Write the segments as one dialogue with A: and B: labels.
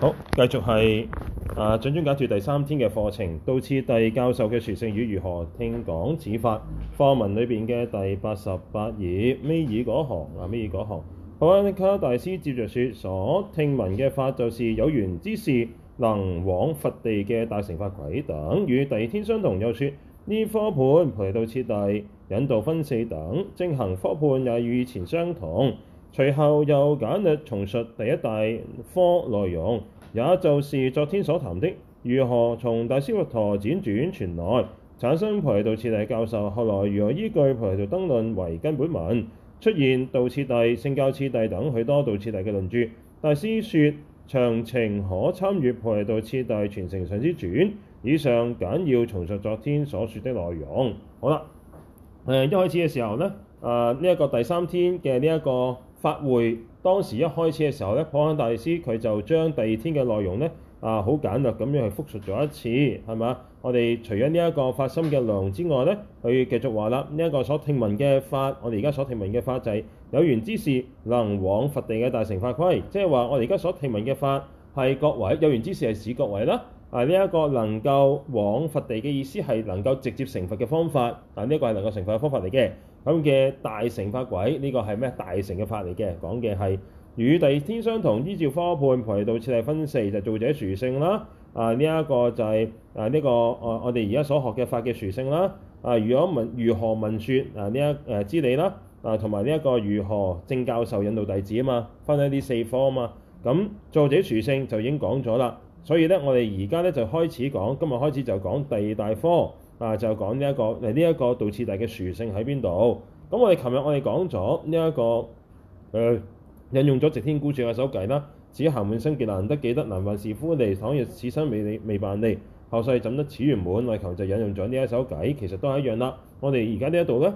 A: 好，繼續係啊，掌中解脫第三天嘅課程。道次第教授嘅殊勝與如何聽講此法課文裏邊嘅第八十八頁尾二嗰行啊，尾二嗰行。好啊，帕繃卡大師接著説：所聽聞嘅法就是有緣之士，能往佛地嘅大乘法軌等，與第二天相同說。又説呢科判菩提道次第引導分四等，正行科判也與前相同。隨後又簡略重述第一大科內容，也就是昨天所談的，如何從大師佛陀輾轉傳來產生菩提道次第教授，後來如何依據菩提道燈論為根本文，出現道次第」、「聖教次第」等許多道次第嘅論著。大師説詳情可參閱菩提道次第傳承上師傳。以上簡要重述昨天所説的內容。好啦、呃，一開始嘅時候呢，呢、呃、一、這個第三天嘅呢一個。法會當時一開始嘅時候呢，帕繃喀大師佢就將第二天嘅內容呢啊，好簡略咁樣去復述咗一次，係嘛？我哋除咗呢一個法身嘅糧之外呢，佢繼續話啦，呢、這、一個所聽聞嘅法，我哋而家所聽聞嘅法就仔、就是，有緣之士能往佛地嘅大乘法範，即係話我哋而家所聽聞嘅法係各位有緣之士係是各位啦。啊！呢、這、一個能夠往佛地嘅意思係能夠直接成佛嘅方法。啊！呢、這、一個係能夠成佛嘅方法嚟嘅。咁、啊、嘅、啊、h cole unpack ing 大乘法軌呢個係咩？大乘嘅法嚟嘅，講嘅係與地天相同，依照科判排道次第分四，就造者殊勝啦。啊！呢、這、一個就係、是、啊呢、這個誒、呃、我哋而家所學嘅法嘅殊勝啦。啊！如何聞如何聞説啊？呢一誒知、呃、理啦。啊，同埋呢一個如何正教授引導弟子啊嘛，分享呢四科啊嘛。咁造者殊勝就已經講咗啦。所以咧，我哋而家咧就開始講，今日開始就講第二大科啊，就講呢、這、一個誒呢一個道次第嘅殊勝喺邊度。咁我哋琴日我哋講咗呢一個誒、呃、引用咗《直天孤住》嘅手首偈啦，此行滿生極難得，記得難還是夫利，倘若此生未未辦利，後世怎得此圓滿？為求就引用咗呢一首偈，其實都係一樣啦。我哋而家呢一度咧，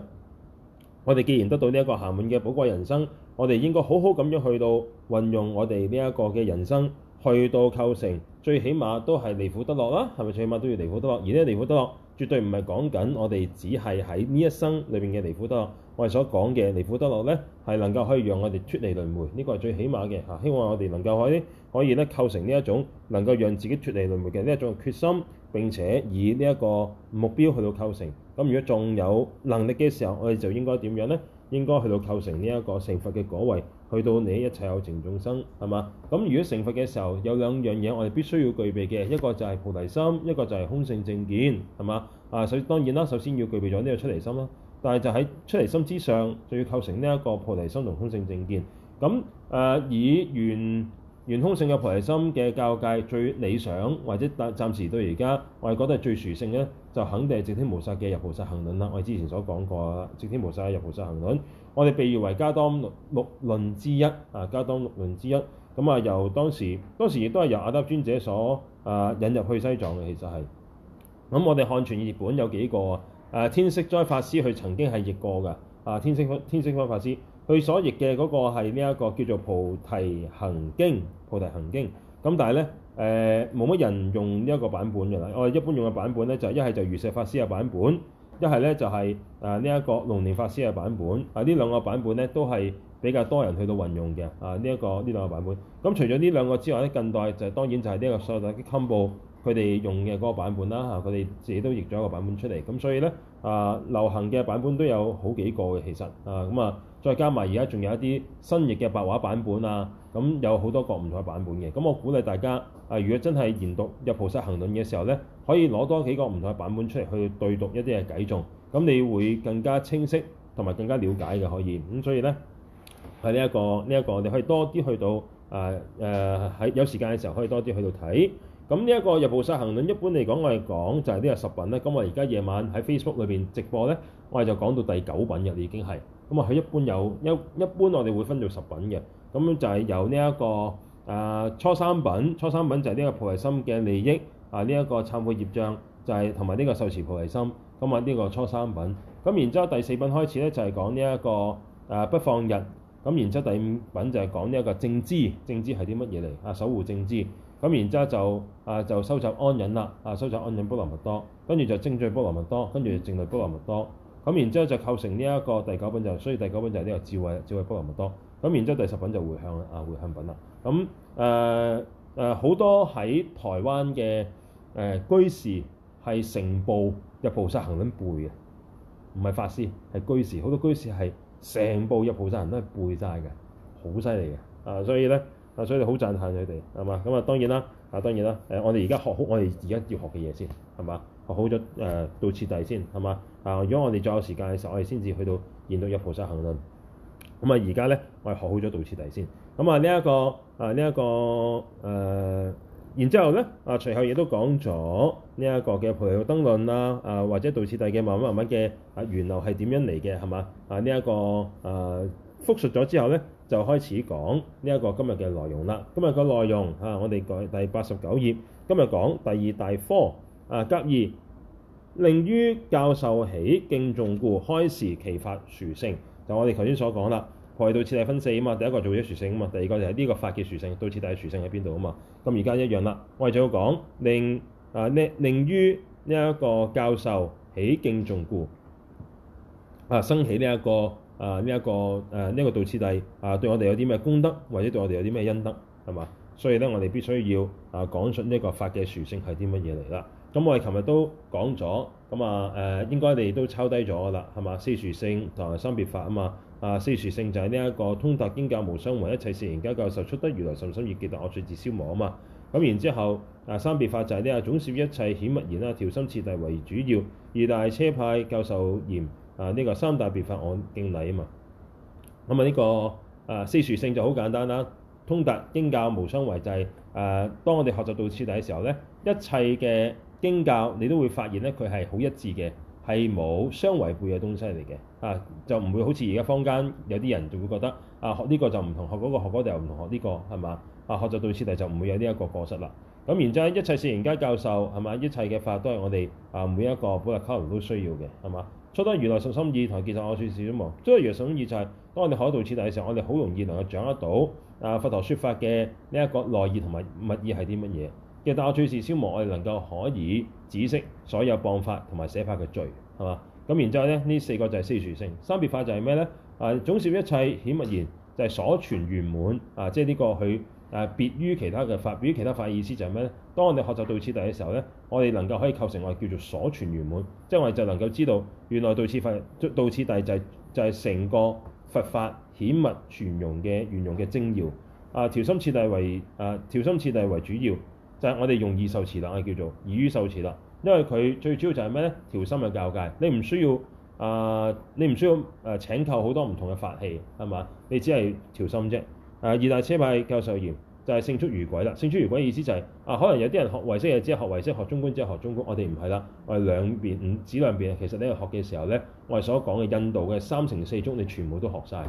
A: 我哋既然得到呢一個行滿嘅寶貴人生，我哋應該好好咁樣去到運用我哋呢一個嘅人生。去到構成，最起碼都係離苦得樂啦，係咪？最起碼都要離苦得樂，而呢離苦得樂絕對唔係講緊我哋只係喺呢一生裏邊嘅離苦得樂，我哋所講嘅離苦得樂咧，係能夠可以讓我哋脫離輪迴，呢個係最起碼嘅嚇。希望我哋能夠可以可以咧構成呢一種能夠讓自己脫離輪迴嘅呢一種決心，並且以呢一個目標去到構成。咁如果仲有能力嘅時候，我哋就應該點樣咧？應該去到構成呢一個成佛嘅果位。去到你一切有情眾生係嘛？咁如果成佛嘅時候，有兩樣嘢我哋必須要具備嘅，一個就係菩提心，一個就係空性正見，係嘛？啊，所以當然啦，首先要具備咗呢個出離心啦，但係就喺出離心之上，就要構成呢一個菩提心同空性正見。咁誒、呃、以完。圓空性嘅菩提心嘅教界，最理想，或者暫暫時到而家，我哋覺得係最殊勝咧，就肯定係《寂天菩薩》嘅《入菩薩行論》啦。我哋之前所講過啦，《寂天菩薩》嘅《入菩薩行論》，我哋被譽為加當六六論之一啊，加當六論之一。咁啊，由當時當時亦都係由阿德尊者所啊引入去西藏嘅，其實係。咁我哋漢傳譯本有幾個啊？誒天息災法師佢曾經係譯過㗎啊！天息、啊、天息災法師。佢所譯嘅嗰個係呢一個叫做菩《菩提行經》，菩提行經。咁但係咧，誒冇乜人用呢一個版本㗎啦。我哋一般用嘅版本咧，就一、是、係就如石法師嘅版本，一係咧就係啊呢一個龍年法師嘅版本。啊呢兩個版本咧都係比較多人去到運用嘅。啊呢一個呢兩個版本。咁除咗呢兩個之外咧，近代就是、當然就係呢一個所謂嘅堪布。佢哋用嘅嗰個版本啦，嚇佢哋自己都譯咗一個版本出嚟，咁所以呢，啊、呃、流行嘅版本都有好幾個嘅，其實啊咁啊、嗯、再加埋而家仲有一啲新譯嘅白話版本啊，咁、嗯、有好多個唔同嘅版本嘅。咁我鼓勵大家啊、呃，如果真係研讀《入菩塞行論》嘅時候呢，可以攞多幾個唔同嘅版本出嚟去對讀一啲嘅偈重，咁你會更加清晰同埋更加了解嘅可以咁、嗯，所以呢，喺呢一個呢一個，我、這、哋、個、可以多啲去到啊誒喺有時間嘅時候可以多啲去到睇。咁呢一個《入菩薩行論》一般嚟講，我哋講就係呢個十品咧。咁我而家夜晚喺 Facebook 裏邊直播咧，我哋就講到第九品嘅，已經係。咁啊，佢一般有一一般我哋會分做十品嘅。咁就係由呢一個誒、啊、初三品，初三品就係呢個菩提心嘅利益啊，呢、這、一個懺悔業障就係同埋呢個受持菩提心，咁啊呢個初三品。咁然之後第四品開始咧，就係、是、講呢、這、一個誒、啊、不放逸。咁然之後第五品就係講呢一個正知，正知係啲乜嘢嚟啊？守護正知。咁然之後就啊就收集安忍啦，啊收集安忍波羅蜜多，跟住就精進波羅蜜多，跟住靜慮波羅蜜多。咁然之後就構成呢一個第九品就，所以第九品就係呢個智慧，智慧波羅蜜多。咁然之後第十品就回向啊回向品啦。咁誒誒好多喺台灣嘅誒居士係成部入菩薩行咁背嘅，唔係法師係居士，好多居士係成部入菩薩行都係背晒嘅，好犀利嘅。啊所以咧。所以好讚歎佢哋係嘛，咁啊當然啦，啊當然啦，誒、啊、我哋而家學好我哋而家要學嘅嘢先係嘛，學好咗誒、呃、道次第先係嘛，啊如果我哋再有時間嘅時候，我哋先至去到見到入菩薩行論。咁啊而家咧，我係學好咗道次第先。咁啊呢一、這個啊呢一、這個誒、啊，然之後咧啊隨後亦都講咗呢一個嘅菩提燈論啦，啊、這個、啊，啊或者道次第嘅慢慢慢慢嘅啊源流係點樣嚟嘅係嘛？啊呢一、這個誒復述咗之後咧。就開始講呢一個今日嘅內容啦。今日個內容啊，我哋改第八十九頁。今日講第二大科啊，甲二。令於教授起敬重故，開示其法殊勝。就我哋頭先所講啦，菩提道次第分四啊嘛。第一個做咗殊勝啊嘛，第二個就係呢個法界殊勝，到次第嘅殊勝喺邊度啊嘛。咁而家一樣啦，我哋仲要講令啊令令於呢一個教授起敬重故啊，升起呢、這、一個。啊呢一、這個誒呢一個道次第啊對我哋有啲咩功德，或者對我哋有啲咩恩德係嘛？所以咧我哋必須要啊講出呢一個法嘅殊勝係啲乜嘢嚟啦。咁我哋琴日都講咗，咁啊誒應該你都抄低咗㗎啦，係嘛？四殊勝同埋三別法啊、這個、教教嘛。啊四殊勝就係呢一個通達經教無違，為一切聖言現教授出得如來甚深義旨，大惡趣自消亡啊嘛。咁然之後啊三別法就係呢一種總攝一切顯物言啊，調心次第為主要，二大車派教授言。啊！呢、這個三大別法案敬例啊嘛，咁啊呢、這個啊四殊勝就好簡單啦。通達經教無相違制。誒、啊，當我哋學習道次第嘅時候咧，一切嘅經教你都會發現咧，佢係好一致嘅，係冇相違背嘅東西嚟嘅。啊，就唔會好似而家坊間有啲人就會覺得啊，學呢個就唔同學嗰個，學嗰啲又唔同學呢個係嘛？啊，學習、這個啊、道次第就唔會有呢一個過失啦。咁然之後，一切聖言現為教授係嘛，一切嘅法都係我哋啊每一個補特伽羅都需要嘅係嘛。初多如來信心意同見實我處事消亡，即係如來信心意就係當我哋海度徹底嘅時候，我哋好容易能夠掌握到啊佛陀説法嘅呢一個內意同埋物意係啲乜嘢，即係但我處事消亡，我哋能夠可以指識所有棒法同埋寫法嘅罪係嘛？咁然之後咧，呢四個就係四殊勝。三別法就係咩咧？啊總攝一切顯密言就係所存圓滿啊，即係呢個佢。誒、啊、別於其他嘅法，別於，其他法意思就係咩咧？當我哋學習道次第嘅時候咧，我哋能夠可以構成我哋叫做所傳圓滿，即係我哋就能夠知道原來道次法、道次第就係、是、就係、是、成個佛法顯密圓融嘅圓融嘅精要。啊，調心次第為啊調心次第為主要，就係、是、我哋用易受持啦，我叫做易於受持啦。因為佢最主要就係咩咧？調心嘅教界，你唔需要啊、呃，你唔需要誒請購好多唔同嘅法器，係嘛？你只係調心啫。誒，uh, 二大車派教授言就係、是、勝出如鬼啦，勝出如鬼嘅意思就係啊，可能有啲人學唯識就知學唯識，學中觀就學中觀，我哋唔係啦，我哋兩邊五、嗯、子兩邊啊。其實咧學嘅時候咧，我哋所講嘅印度嘅三乘四宗，你全部都學晒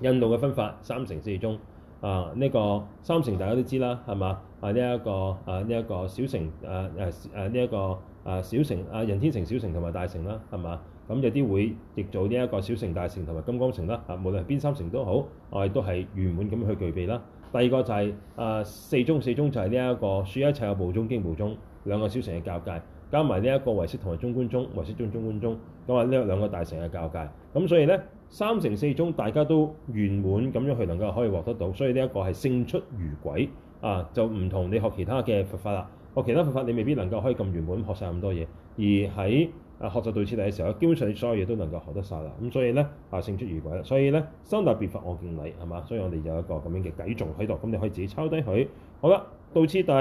A: 印度嘅分法三乘四宗，啊，呢、這個三乘大家都知啦，係嘛啊？呢、這、一個啊，呢、這、一個小乘，啊啊啊，呢、這、一個啊小乘，啊人天乘小乘同埋大乘啦，係嘛？咁、嗯、有啲會譯做呢一個小乘大乘同埋金剛乘啦，啊無論係邊三乘都好，我、啊、哋都係圓滿咁樣去具備啦。第二個就係、是、啊四,四宗，宗，四宗就係呢一個説一切有部宗、經部宗兩個小乘嘅教界，加埋呢一個唯識同埋中觀宗唯識宗、中觀宗咁啊呢兩個大乘嘅教界。咁所以咧三乘四宗大家都圓滿咁樣去能夠可以獲得到，所以呢一個係勝出如鬼，啊就唔同你學其他嘅佛法啦，學其他佛法你未必能夠可以咁圓滿學晒咁多嘢，而喺啊，學習道次第嘅時候，基本上你所有嘢都能夠學得晒啦。咁所以咧，啊勝出如鬼。所以咧，三大別法我敬禮，係嘛？所以我哋有一個咁樣嘅偈頌喺度，咁你可以自己抄低佢。好啦，道次第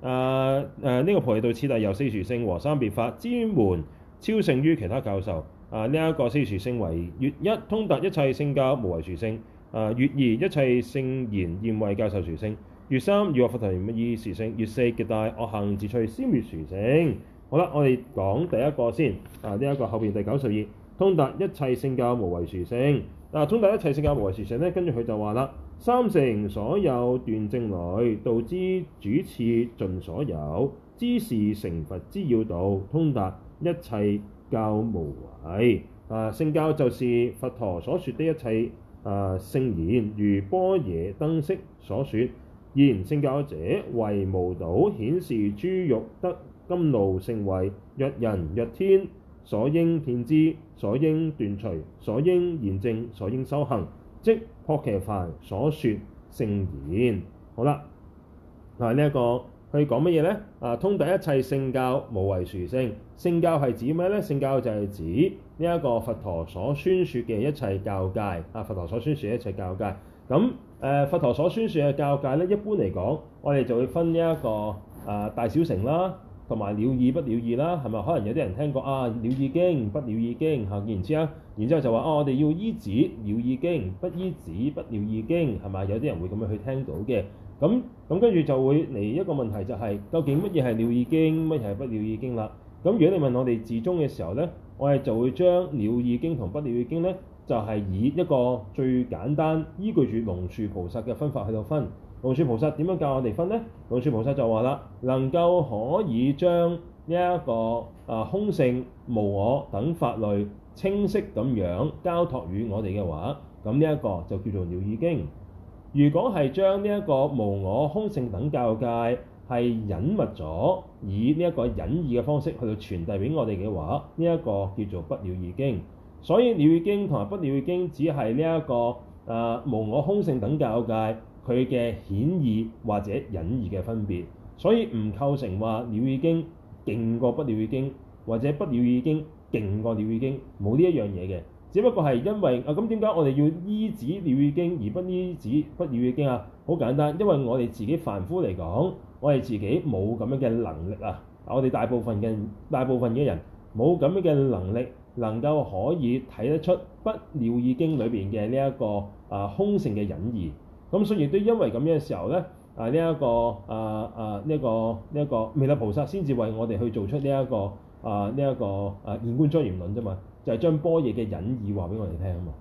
A: 啊誒呢個菩提道次第由四殊勝和三別法，之門超勝於其他教授。啊、呃，呢、這、一個四殊勝為：乙一通達一切聖教無違殊勝；啊、呃，乙二一切聖言現為教授殊勝；乙三易獲佛陀密意殊勝；乙四極大惡行自趣消滅殊勝。好啦，我哋講第一個先。啊，呢、這、一個後邊第九十二，通達一切聖教無違殊勝。啊，通達一切聖教無違殊勝咧，跟住佢就話啦：三乘所有斷正慮，道之主次盡所有，知是成佛之要道，通達一切教無違。啊，聖教就是佛陀所說的一切啊聖言，如般若燈釋所說，言聖教者謂無倒，顯示諸欲得。金奴勝位，若人若天，所應遍知，所應斷除，所應現證，所應修行，即薄伽梵所說聖言。好啦，嗱呢一個去講乜嘢呢？啊，通達一切聖教無違殊勝。聖教係指咩呢？聖教就係指呢一個佛陀所宣説嘅一切教戒。啊，佛陀所宣説一切教戒。咁誒、啊，佛陀所宣説嘅教戒呢，一般嚟講，我哋就會分呢、這、一個啊大小乘啦。同埋了義不了義啦，係咪？可能有啲人聽過啊，了義經不了義經，嚇，然之後就，就話啊，我哋要依止了義經，不依止不了義經，係咪？有啲人會咁樣去聽到嘅。咁咁跟住就會嚟一個問題，就係，就係究竟乜嘢係了義經，乜嘢係不了義經啦？咁如果你問我哋自宗嘅時候呢，我哋就會將了義經同不了義經呢，就係、係、以一個最簡單依據住龍樹菩薩嘅分法喺度分。龍樹菩薩點樣教我哋分呢？龍樹菩薩就話啦，能夠可以將呢、這、一個啊、呃、空性無我等法類清晰咁樣交託於我哋嘅話，咁呢一個就叫做了義經。如果係將呢一個無我空性等教界係隱密咗，以呢一個隱義嘅方式去到傳遞俾我哋嘅話，呢、這、一個叫做不了義經。所以了義經同埋不了義經只係呢一個啊、呃、無我空性等教界。佢嘅顯義或者隱義嘅分別，所以唔構成話《了義經》勁過《不了義經》，或者《不了義經》勁過《了義經》，冇呢一樣嘢嘅。只不過係因為啊，咁點解我哋要依止《了義經》而不依止《不了義經》啊？好簡單，因為我哋自己凡夫嚟講，我哋自己冇咁樣嘅能力啊！我哋大部分嘅大部分嘅人冇咁樣嘅能力，能夠可以睇得出不、這個《不了義經》裏邊嘅呢一個啊空性嘅隱義。咁所以都因為咁樣嘅時候咧，啊呢一、啊啊啊啊這個啊啊呢一個呢一個彌勒菩薩先至為我哋去做出呢、這、一個啊呢一、這個啊現觀莊嚴論啫嘛，就係將般若嘅隱義話俾我哋聽啊嘛。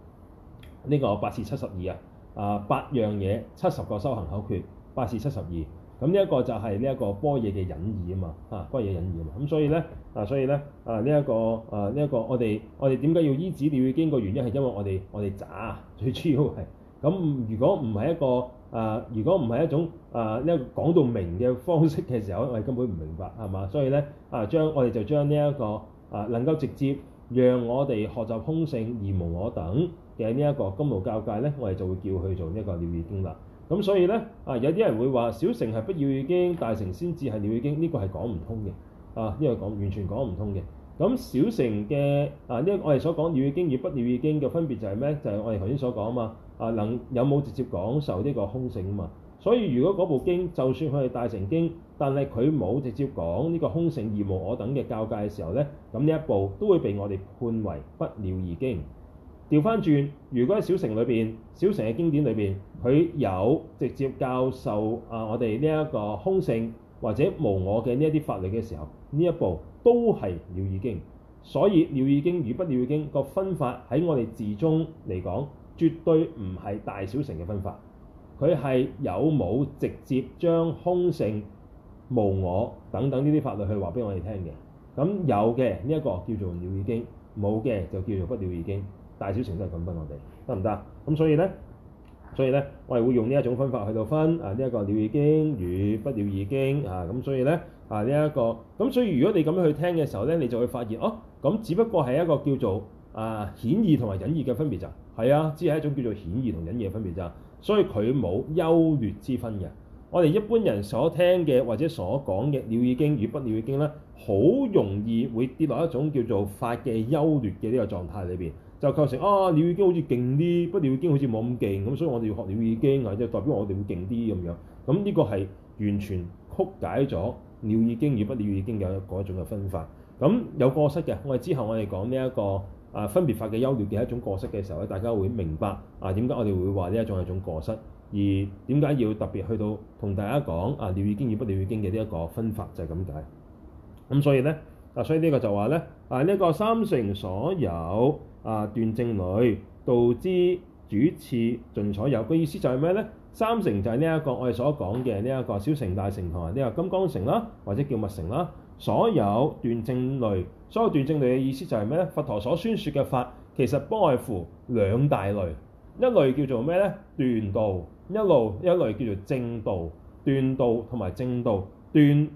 A: 呢、這個八事七十二啊，八樣嘢七十個修行口訣，八事七十二。咁呢一個就係呢一個般若嘅隱義啊嘛，嚇般若隱義啊嘛。咁所以咧啊，所以咧啊以呢一、啊這個啊呢一、這個我哋我哋點解要依止《妙語經》個原因係因為我哋我哋渣最主要係。咁如果唔係一個誒、呃，如果唔係一種誒呢一個講到明嘅方式嘅時候，我哋根本唔明白係嘛？所以咧啊、呃，將我哋就將呢、這、一個啊、呃、能夠直接讓我哋學習空性而無我等嘅呢一個金鑰教界咧，我哋就會叫佢做呢一個了義經啦。咁所以咧啊、呃，有啲人會話小乘係不了義經，大乘先至係了義經，呢、這個係講唔通嘅啊，呢、這個講完全講唔通嘅。咁小乘嘅啊呢我哋所講了義經與不了義經嘅分別就係咩？就係、是、我哋頭先所講啊嘛。啊，能有冇直接講受呢個空性啊嘛？所以如果嗰部經就算佢係大乘經，但係佢冇直接講呢個空性而無我等嘅教界嘅時候呢，咁呢一部都會被我哋判為不了義經。調翻轉，如果喺小乘裏邊、小乘嘅經典裏邊，佢有直接教授啊我哋呢一個空性或者無我嘅呢一啲法理嘅時候，呢一部都係了義經。所以了義經與不了義經個分法喺我哋字中嚟講。絕對唔係大小乘嘅分法，佢係有冇直接將空性、無我等等呢啲法律去話俾我哋聽嘅。咁有嘅呢一個叫做《了義經》，冇嘅就叫做《不了義經》。大小乘都係咁分我哋，得唔得？咁所以呢，所以咧，我哋會用呢一種分法去到分啊。呢一個《了義經》與《不了義經》啊，咁所以呢，啊呢一個，咁所以如果你咁樣去聽嘅時候呢，你就會發現哦，咁只不過係一個叫做。啊，顯義同埋隱義嘅分別咋，係啊，只係一種叫做顯義同隱義嘅分別咋，所以佢冇優劣之分嘅。我哋一般人所聽嘅或者所講嘅《了義經》與《不了義經》咧，好容易會跌落一種叫做法嘅優劣嘅呢個狀態裏邊，就構成啊《了義經》好似勁啲，《不了義經》好似冇咁勁，咁所以我哋要學《了義經》啊，就代表我哋會勁啲咁樣。咁呢個係完全曲解咗《了義經》與《不了義經》嘅嗰一種嘅分法。咁有過失嘅，我哋之後我哋講呢、這、一個。啊，分別法嘅優劣嘅一種過失嘅時候咧，大家會明白啊，點解我哋會話呢一種係一種過失，而點解要特別去到同大家講啊，了義經與不了義經嘅呢一個分法就係咁解。咁所以咧，啊，所以呢個就話咧，啊，呢、這、一個三乘所有啊斷證裏道之主次盡所有嘅意思就係咩咧？三乘就係呢一個我哋所講嘅呢一個小乘大乘同埋呢個金剛乘啦，或者叫密乘啦。所有斷正類，所有斷正類嘅意思就係咩咧？佛陀所宣説嘅法，其實不外乎兩大類，一類叫做咩咧？斷道一路，一類叫做正道。斷道同埋正道，斷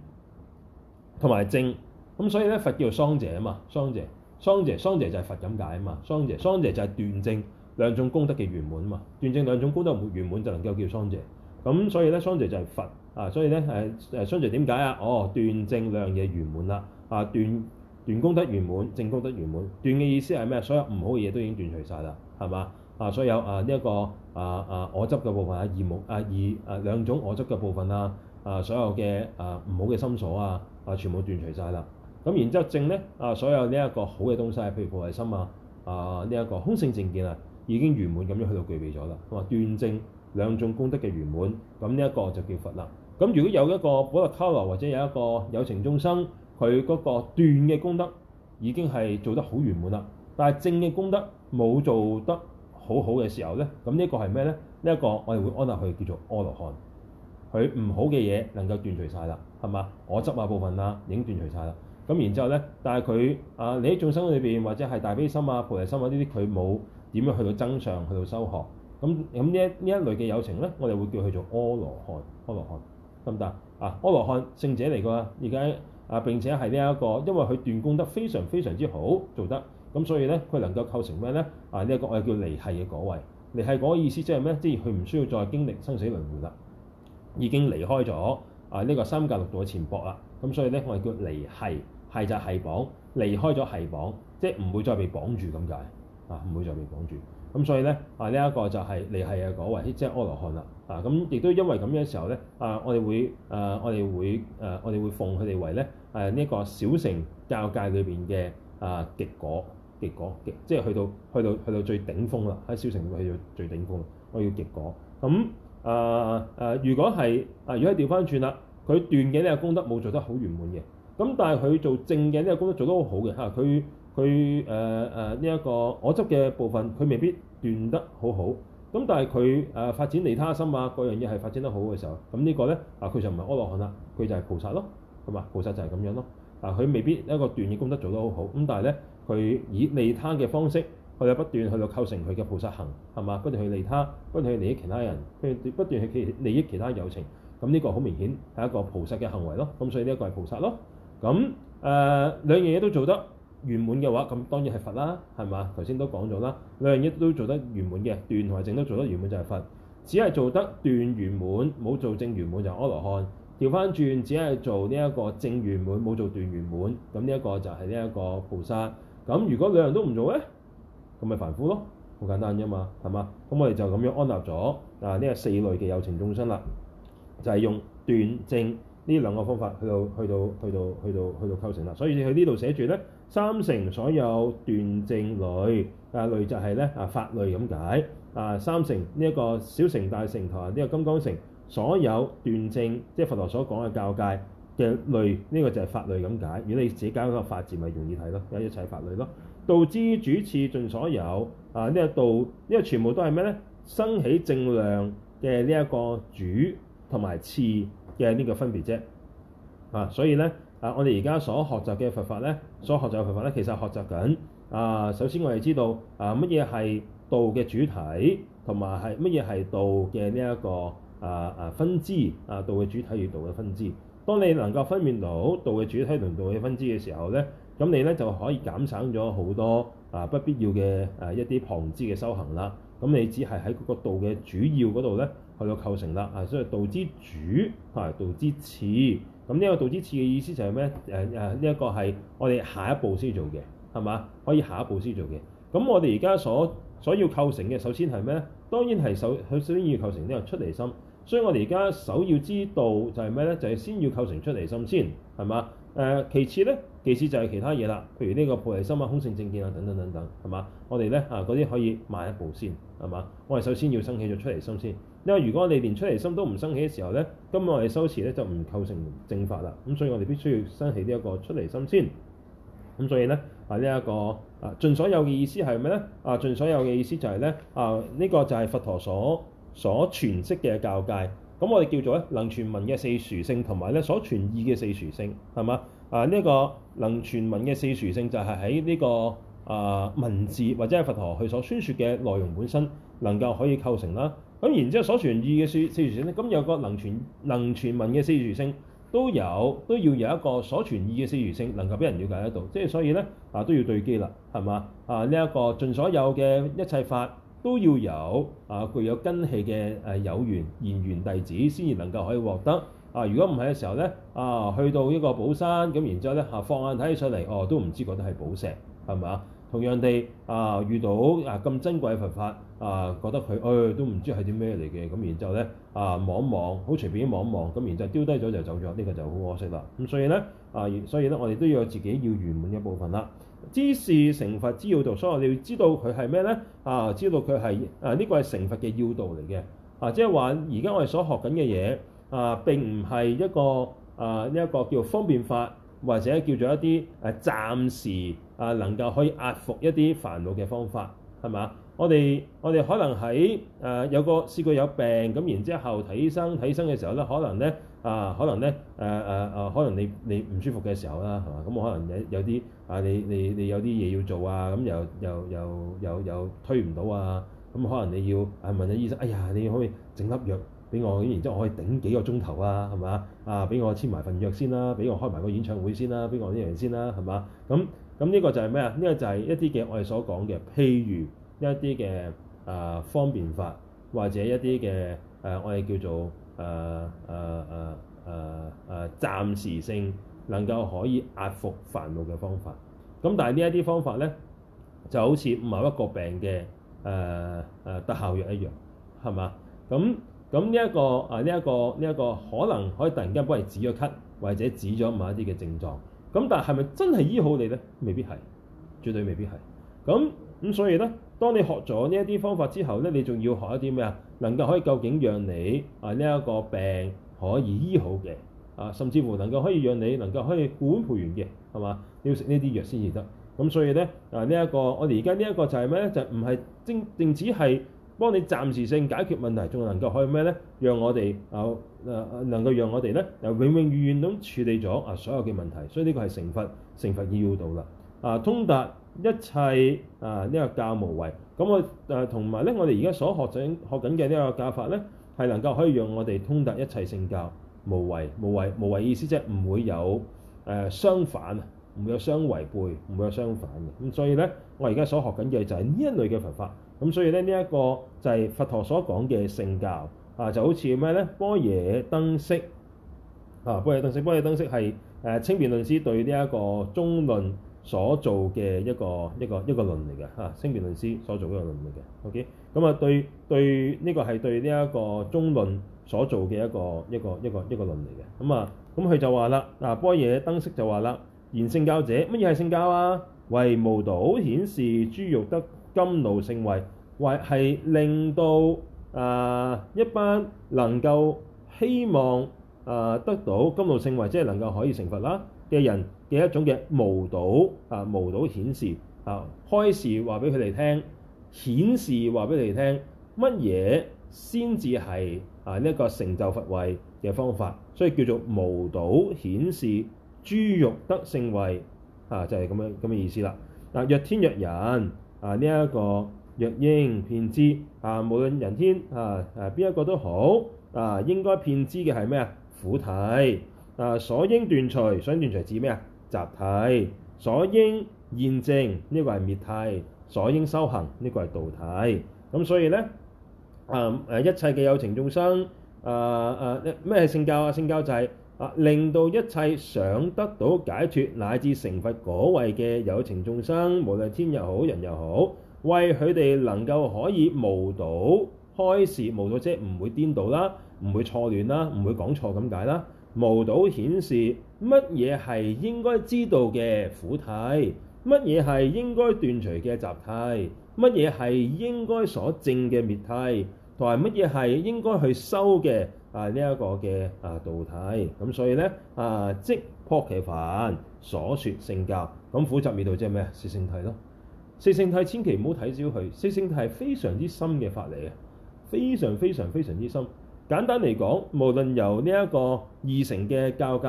A: 同埋正。咁所以咧，佛叫做桑傑啊嘛，桑傑桑傑桑傑就係佛咁解啊嘛，桑傑桑傑就係斷正兩種功德嘅圓滿啊嘛，斷正兩種功德圓圓滿就能夠叫桑傑。咁所以咧、so，雙絕就係佛啊！所以咧，誒誒雙絕點解啊？哦，斷證兩嘢圓滿啦！啊斷斷功德圓滿，證功德圓滿。斷嘅意思係咩？所有唔好嘅嘢都已經斷除晒啦，係嘛、那個？啊，所有啊呢一個啊啊我執嘅部分啊，二無啊二啊兩種我執嘅部分啊，啊所有嘅啊唔好嘅心所啊啊全部斷除晒啦！咁然之後證咧啊，所有呢一個好嘅東西，譬如菩提心啊啊呢一個空性正見啊，已經圓滿咁樣去到具備咗啦！我話斷證，兩種功德嘅圓滿，咁呢一個就叫佛啦。咁如果有一個補特伽羅或者有一個有情眾生，佢嗰個斷嘅功德已經係做得好圓滿啦，但係正嘅功德冇做得好好嘅時候咧，咁呢個係咩咧？呢、這、一個我哋會安納佢，叫做阿羅漢，佢唔好嘅嘢能夠斷除晒啦，係嘛？我執下部分啊已經斷除晒啦。咁然之後咧，但係佢啊，你喺眾生裏邊或者係大悲心啊、菩提心啊呢啲，佢冇點樣去到增上，去到修學。咁咁呢一呢一類嘅友情咧，我哋會叫佢做阿羅漢，阿羅漢得唔得啊？阿羅漢聖者嚟噶啦，而家啊，並且係呢一個，因為佢斷功得非常非常之好，做得，咁所以咧，佢能夠構成咩咧？啊呢一個我哋叫離繫嘅果位，離繫嗰個意思即係咩？即係佢唔需要再經歷生死輪迴啦，已經離開咗啊呢個三界六道嘅前薄啦。咁所以咧，我哋叫離繫，繫就係綁，離開咗係綁，即係唔會再被綁住咁解啊，唔會再被綁住。咁所以咧，啊呢一個就係離係嘅果位，即係阿羅漢啦。啊咁，亦都因為咁嘅時候咧，啊我哋會，啊我哋會，啊我哋會奉佢哋為咧，誒呢一個小乘教界裏邊嘅啊極果，極果嘅，即係去到去到去到,去到最頂峰啦。喺小乘會去到最頂峰啦，我要極果。咁啊誒，如果係啊，如果係調翻轉啦，佢斷嘅呢個功德冇做得好圓滿嘅，咁但係佢做正嘅呢個功德做得好好嘅嚇，佢、啊。佢誒誒呢一個我執嘅部分，佢未必斷得好好。咁但係佢誒發展利他心啊，各樣嘢係發展得好嘅時候，咁呢個咧啊，佢就唔係柯羅漢啦，佢就係菩薩咯，咁啊，菩薩就係咁樣咯。啊，佢未必一個斷嘅功德做得好好，咁但係咧，佢以利他嘅方式，佢不斷去到構成佢嘅菩薩行，係嘛？不斷去利他，不斷去利益其他人，不斷不斷去利益其他友情。咁呢個好明顯係一個菩薩嘅行為咯。咁所以呢一個係菩薩咯。咁誒、呃、兩樣嘢都做得完滿嘅話，咁當然係佛啦，係嘛？頭先都講咗啦，兩樣嘢都做得完滿嘅，斷同埋證都做得完滿就係佛。只係做得斷完滿，冇做證完滿就係阿羅漢。調返轉，只係做呢一個證完滿，冇做斷完滿，咁呢一個就係呢一個菩薩。咁如果兩樣都唔做咧，咁咪凡夫咯，好簡單啫嘛，係嘛？咁我哋就咁樣安立咗啊呢、這個、四類嘅有情眾生啦，就係、是、用斷證呢兩個方法去到去到去到去到去到，去到構成啦。所以佢呢度寫住咧。三乘所有斷正類，啊類就係咧，啊法類，咁解啊。三乘呢一個小乘大乘、同埋呢個金剛乘所有斷正，即係佛陀所講嘅教誡嘅類，呢個就係法類咁解。如果你自己搞嗰個法字咪容易睇咯，有一切法類咯。道之主次盡所有，啊呢個道呢個全部都係咩咧？生起正量嘅呢一個主同埋次嘅呢個分別啫啊，所以咧。啊！我哋而家所學習嘅佛法咧，所學習嘅佛法咧，其實學習緊。啊，首先我哋知道啊，乜嘢係道嘅主體，同埋係乜嘢係道嘅呢一個啊啊分支啊，道嘅主體與道嘅分支。當你能夠分辨到道嘅主體同道嘅分支嘅時候咧，咁你咧就可以減省咗好多啊不必要嘅啊一啲旁枝嘅修行啦。咁你只係喺嗰個道嘅主要嗰度咧去到構成啦。啊，所以道之主啊，道之次。咁呢個道之次嘅意思就係咩？誒、呃、誒，呢、呃、一、這個係我哋下一步先做嘅，係嘛？可以下一步先做嘅。咁我哋而家所所要構成嘅，首先係咩咧？當然係首，佢首先要構成呢個出離心。所以我哋而家首要知道就係咩咧？就係、是、先要構成出離心先，係嘛？誒、呃，其次咧，其次就係其他嘢啦，譬如呢個菩提心啊、空性正見啊等等等等，係嘛？我哋咧啊嗰啲可以慢一步先，係嘛？我哋首先要升起咗出離心先。因為如果我哋連出離心都唔生起嘅時候咧，根本我哋修持咧就唔構成正法啦。咁所以我哋必須要生起呢一個出離心先。咁所以咧啊呢一個啊盡所有嘅意思係咩咧？啊盡所有嘅意思就係咧啊呢個就係佛陀所所詮釋嘅教戒。咁我哋叫做咧能詮文嘅四殊勝」，同埋咧所詮義嘅四殊勝」，係嘛啊？呢一個能詮文嘅四殊勝就係喺呢個啊文字或者係佛陀佢所宣説嘅內容本身能夠可以構成啦。咁然之後所傳意嘅書四如聲咧，咁有個能傳能傳聞嘅四如聲都有，都要有一個所傳意嘅四如聲能夠俾人瞭解得到。即係所以咧啊，都要對機啦，係嘛啊呢一、這個盡所有嘅一切法都要有啊，具有根器嘅誒有緣現緣弟子先至能夠可以獲得啊。如果唔係嘅時候咧啊，去到一個寶山咁，然之後咧啊，放眼睇起上嚟哦，都唔知覺得係寶石，係咪？同樣地，啊、呃、遇到啊咁珍貴嘅佛法，啊、呃、覺得佢，誒、欸、都唔知係啲咩嚟嘅，咁然之後咧，啊望一望，好隨便望一望，咁然之後丟低咗就走咗，呢、這個就好可惜啦。咁所以咧，啊，所以咧、呃，我哋都要有自己要圓滿一部分啦。知是成佛之要道，所以我哋要知道佢係咩咧？啊，知道佢係啊呢、這個係成佛嘅要道嚟嘅。啊，即係話而家我哋所學緊嘅嘢，啊並唔係一個啊呢一個叫方便法。或者叫做一啲誒暫時啊能夠可以壓服一啲煩惱嘅方法係嘛？我哋我哋可能喺誒、呃、有個試過有病咁，然之後睇醫生睇醫生嘅時候咧，可能咧啊、呃，可能咧誒誒誒，可能你你唔舒服嘅時候啦，係嘛？咁、嗯、可能有有啲啊，你你你有啲嘢要做啊，咁又又又又又推唔到啊，咁、嗯、可能你要係問下醫生，哎呀，你可唔可以整粒藥俾我，然之後我可以頂幾個鐘頭啊，係嘛？啊！俾我簽埋份約先啦，俾我開埋個演唱會先啦，俾我呢樣先啦，係嘛？咁咁呢個就係咩啊？呢個就係一啲嘅我哋所講嘅，譬如一啲嘅啊方便法，或者一啲嘅誒我哋叫做誒誒誒誒誒暫時性能夠可以壓服煩惱嘅方法。咁但係呢一啲方法咧，就好似唔係一個病嘅誒誒特效藥一樣，係嘛？咁。咁呢一個啊，呢一個呢一個可能可以突然間幫你止咗咳，或者止咗某一啲嘅症狀。咁但係咪真係醫好你咧？未必係，絕對未必係。咁咁所以咧，當你學咗呢一啲方法之後咧，你仲要學一啲咩啊？能夠可以究竟讓你啊呢一個病可以醫好嘅啊，甚至乎能夠可以讓你能夠可以固本培元嘅，係嘛？你要食呢啲藥先至得。咁所以咧啊，呢一個我哋而家呢一個就係咩咧？就唔係正正止係。幫你暫時性解決問題，仲能夠可以咩咧？讓我哋啊啊能夠讓我哋咧，又永永遠遠咁處理咗啊所有嘅問題。所以呢個係成佛成佛要道啦。啊，通達一切啊呢個教無違。咁我誒同埋咧，我哋而家所學緊學緊嘅呢個教法咧，係能夠可以讓我哋通達一切聖教無違無違無違，意思即係唔會有誒、呃、相反啊，唔會有相違背，唔會有相反嘅。咁所以咧，我而家所學緊嘅就係呢一類嘅佛法。咁所以咧呢一、這個就係佛陀所講嘅聖教啊，就好似咩咧般若燈釋。啊，般若燈釋，般若燈釋係誒清辨論師對呢一個,論、啊、個中論所做嘅一個一個一個論嚟嘅嚇，清辨論師所做嘅論嚟嘅。OK，咁啊對對呢個係對呢一個中論所做嘅一個一個一個一個論嚟嘅。咁啊咁佢、嗯嗯、就話啦嗱，般若燈釋」就話啦，言聖教者乜嘢係聖教啊？謂無倒顯示諸欲得。甘露勝位，為係令到啊、呃、一班能夠希望啊、呃、得到甘露勝位，即係能夠可以成佛啦嘅人嘅一種嘅無倒啊無倒顯示啊開示話俾佢哋聽，顯示話俾佢哋聽乜嘢先至係啊呢一、這個成就佛位嘅方法，所以叫做無倒顯示諸欲得勝位啊，就係、是、咁樣咁嘅意思啦。嗱、啊，若天若人。啊！呢一個若應遍知，啊無論人天，啊誒邊一個都好，啊應該遍知嘅係咩啊？苦體。啊所應斷除，所應斷除指咩啊？集體。所應現證呢、這個係滅體。所應修行呢、這個係道體。咁所以咧，啊誒一切嘅有情眾生，啊啊咩係聖教？啊？聖、啊、教，教就係、是。令到一切想得到解脫乃至成佛果位嘅有情眾生，無論天又好人又好，為佢哋能夠可以無倒開示，無倒即唔會顛倒啦，唔會錯亂啦，唔會講錯咁解啦。無倒顯示乜嘢係應該知道嘅苦諦，乜嘢係應該斷除嘅集諦，乜嘢係應該所證嘅滅諦，同埋乜嘢係應該去修嘅。啊！呢、這、一個嘅啊道體咁，所以咧啊，即薄伽梵所説聖教咁苦集滅道，即係咩啊？四聖諦咯。四聖諦千祈唔好睇小佢，四聖諦係非常之深嘅法嚟嘅，非常非常非常之深。簡單嚟講，無論由呢一個二乘嘅交界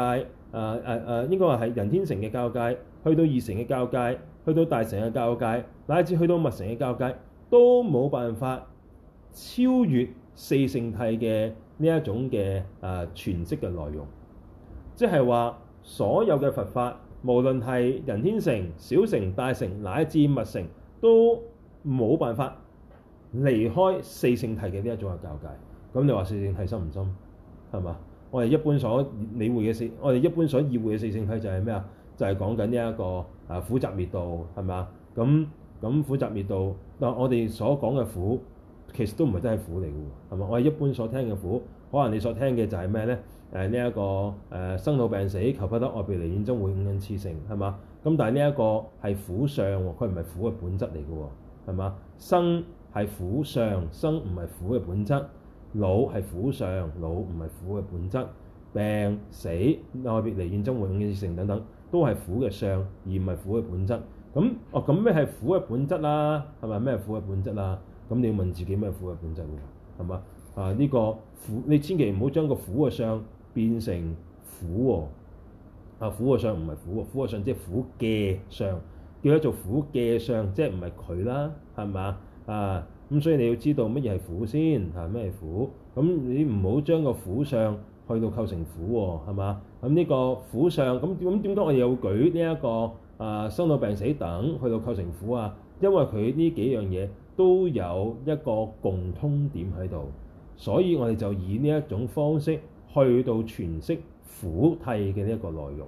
A: 啊啊啊，應該話係人天乘嘅交界，去到二乘嘅交界，去到大乘嘅交界，乃至去到密乘嘅交界，都冇辦法超越四聖諦嘅。呢一種嘅誒、啊、詮釋嘅內容，即係話所有嘅佛法，無論係人天乘、小乘、大乘、乃至密乘，都冇辦法離開四聖諦嘅呢一種嘅教界。咁你話四聖諦深唔深？係嘛？我哋一般所理會嘅四，我哋一般所意會嘅四聖諦就係咩、就是這個、啊？就係講緊呢一個誒苦集滅道係嘛？咁咁苦集滅道嗱，我哋所講嘅苦。其實都唔係真係苦嚟嘅喎，係嘛？我哋一般所聽嘅苦，可能你所聽嘅就係咩咧？誒呢一個誒、呃、生老病死、求不得、愛別離、怨憎會、五陰熾盛，係嘛？咁但係呢一個係苦相，佢唔係苦嘅本質嚟嘅喎，係嘛？生係苦相，生唔係苦嘅本質；老係苦相，老唔係苦嘅本質；病死、愛別離、怨憎會、五陰熾盛等等，都係苦嘅相而唔係苦嘅本質。咁、嗯、哦，咁咩係苦嘅本質啦、啊？係咪咩係苦嘅本質啦、啊？咁你要問自己咩苦嘅本質喎？係嘛啊？呢、這個、個苦你千祈唔好將個苦嘅相變成苦喎、哦。啊，苦嘅相唔係苦喎，苦嘅相即係苦嘅相，叫佢做苦嘅相，即係唔係佢啦，係咪？啊？咁所以你要知道乜嘢係苦先係咩係苦。咁你唔好將個苦相去到構成苦喎、哦，係嘛？咁呢個苦相咁咁點解我哋又舉呢、這、一個啊生老病死等去到構成苦啊？因為佢呢幾樣嘢。都有一個共通點喺度，所以我哋就以呢一種方式去到詮釋苦諦嘅呢一個內容，